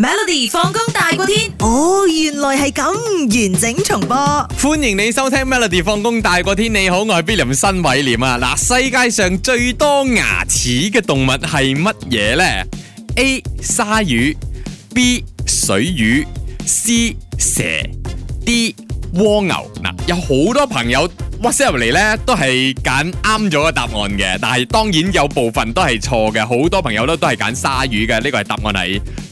Melody 放工大過天，哦，原來係咁完整重播。歡迎你收聽 Melody 放工大過天。你好，我係 Billam 新偉廉啊。嗱，世界上最多牙齒嘅動物係乜嘢呢？A. 鯊魚，B. 水魚，C. 蛇，D. 蝸牛。嗱，有好多朋友 WhatsApp 入嚟呢，都係揀啱咗個答案嘅，但係當然有部分都係錯嘅。好多朋友咧都係揀鯊魚嘅，呢個係答案係。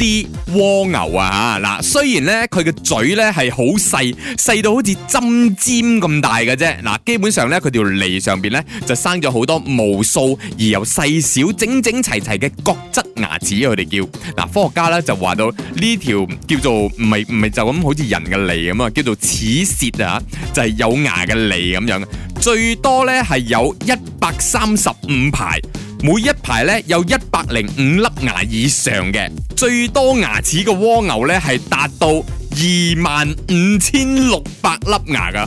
啲蝸牛啊吓，嗱雖然咧佢嘅嘴咧係好細，細到好似針尖咁大嘅啫。嗱，基本上咧佢條脷上邊咧就生咗好多無數而又細小、整整齊齊嘅角質牙齒，佢哋叫。嗱、啊，科學家咧就話到呢條叫做唔係唔係就咁好似人嘅脷咁啊，叫做齒舌啊，就係、是、有牙嘅脷咁樣。最多咧係有一百三十五排。每一排咧有一百零五粒牙以上嘅，最多牙齒嘅蝸牛咧係達到二萬五千六百粒牙嘅，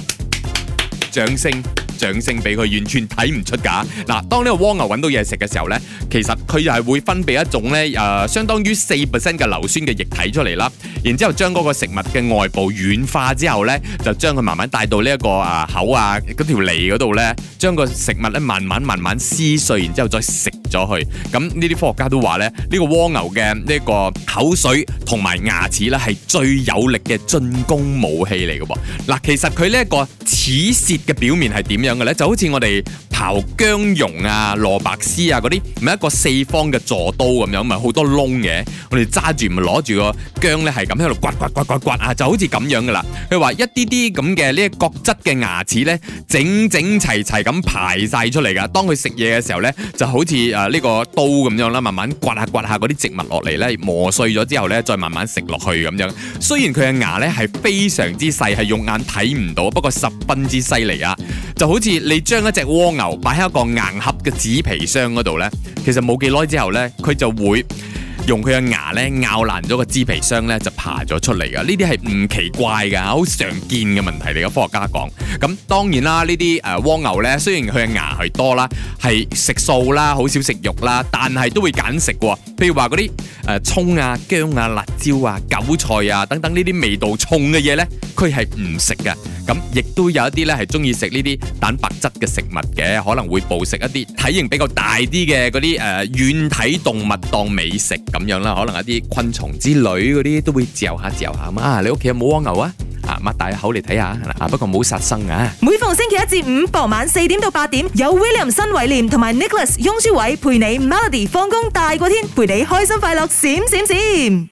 掌聲。上升俾佢完全睇唔出㗎。嗱，當呢個蝸牛揾到嘢食嘅時候呢，其實佢又係會分泌一種呢誒、呃，相當於四 percent 嘅硫酸嘅液體出嚟啦。然之後將嗰個食物嘅外部軟化之後呢，就將佢慢慢帶到呢、這、一個啊口啊嗰條脷嗰度呢，將個食物呢慢慢慢慢撕碎，然之後再食。咗去，咁呢啲科學家都話咧，呢個蝸牛嘅呢個口水同埋牙齒咧，係最有力嘅進攻武器嚟嘅喎。嗱，其實佢呢一個齒舌嘅表面係點樣嘅呢？就好似我哋。牛薑蓉啊、蘿蔔絲啊嗰啲，咪一個四方嘅座刀咁樣，咪好多窿嘅。我哋揸住咪攞住個薑呢，係咁喺度刮刮刮刮刮啊，就好似咁樣噶啦。佢話一啲啲咁嘅呢個角質嘅牙齒呢，整整齊齊咁排晒出嚟噶。當佢食嘢嘅時候呢，就好似誒呢個刀咁樣啦，慢慢刮下刮下嗰啲植物落嚟呢，磨碎咗之後呢，再慢慢食落去咁樣。雖然佢嘅牙呢係非常之細，係用眼睇唔到，不過十分之犀利啊！就好似你將一隻蝸牛擺喺一個硬盒嘅紙皮箱嗰度呢，其實冇幾耐之後呢，佢就會用佢嘅牙呢咬爛咗個紙皮箱呢，就爬咗出嚟噶。呢啲係唔奇怪噶，好常見嘅問題嚟噶。科學家講。咁當然啦，呢啲誒蝸牛呢，雖然佢嘅牙係多啦，係食素啦，好少食肉啦，但係都會揀食喎。譬如話嗰啲誒葱啊、薑啊、辣椒啊、韭菜啊等等呢啲味道重嘅嘢呢，佢係唔食嘅。咁亦都有一啲呢係鍾意食呢啲蛋白質嘅食物嘅，可能會捕食一啲體型比較大啲嘅嗰啲誒軟體動物當美食咁樣啦。可能一啲昆蟲之類嗰啲都會嚼下嚼下嘛啊！你屋企有冇蝸牛啊？啊，擘大口嚟睇下，嗱、啊，不過冇殺生啊！每逢星期一至五傍晚四點到八點，有 William 新偉廉同埋 Nicholas 翁舒偉陪你，Melody 放工大過天，陪你開心快樂閃閃閃。閃閃閃。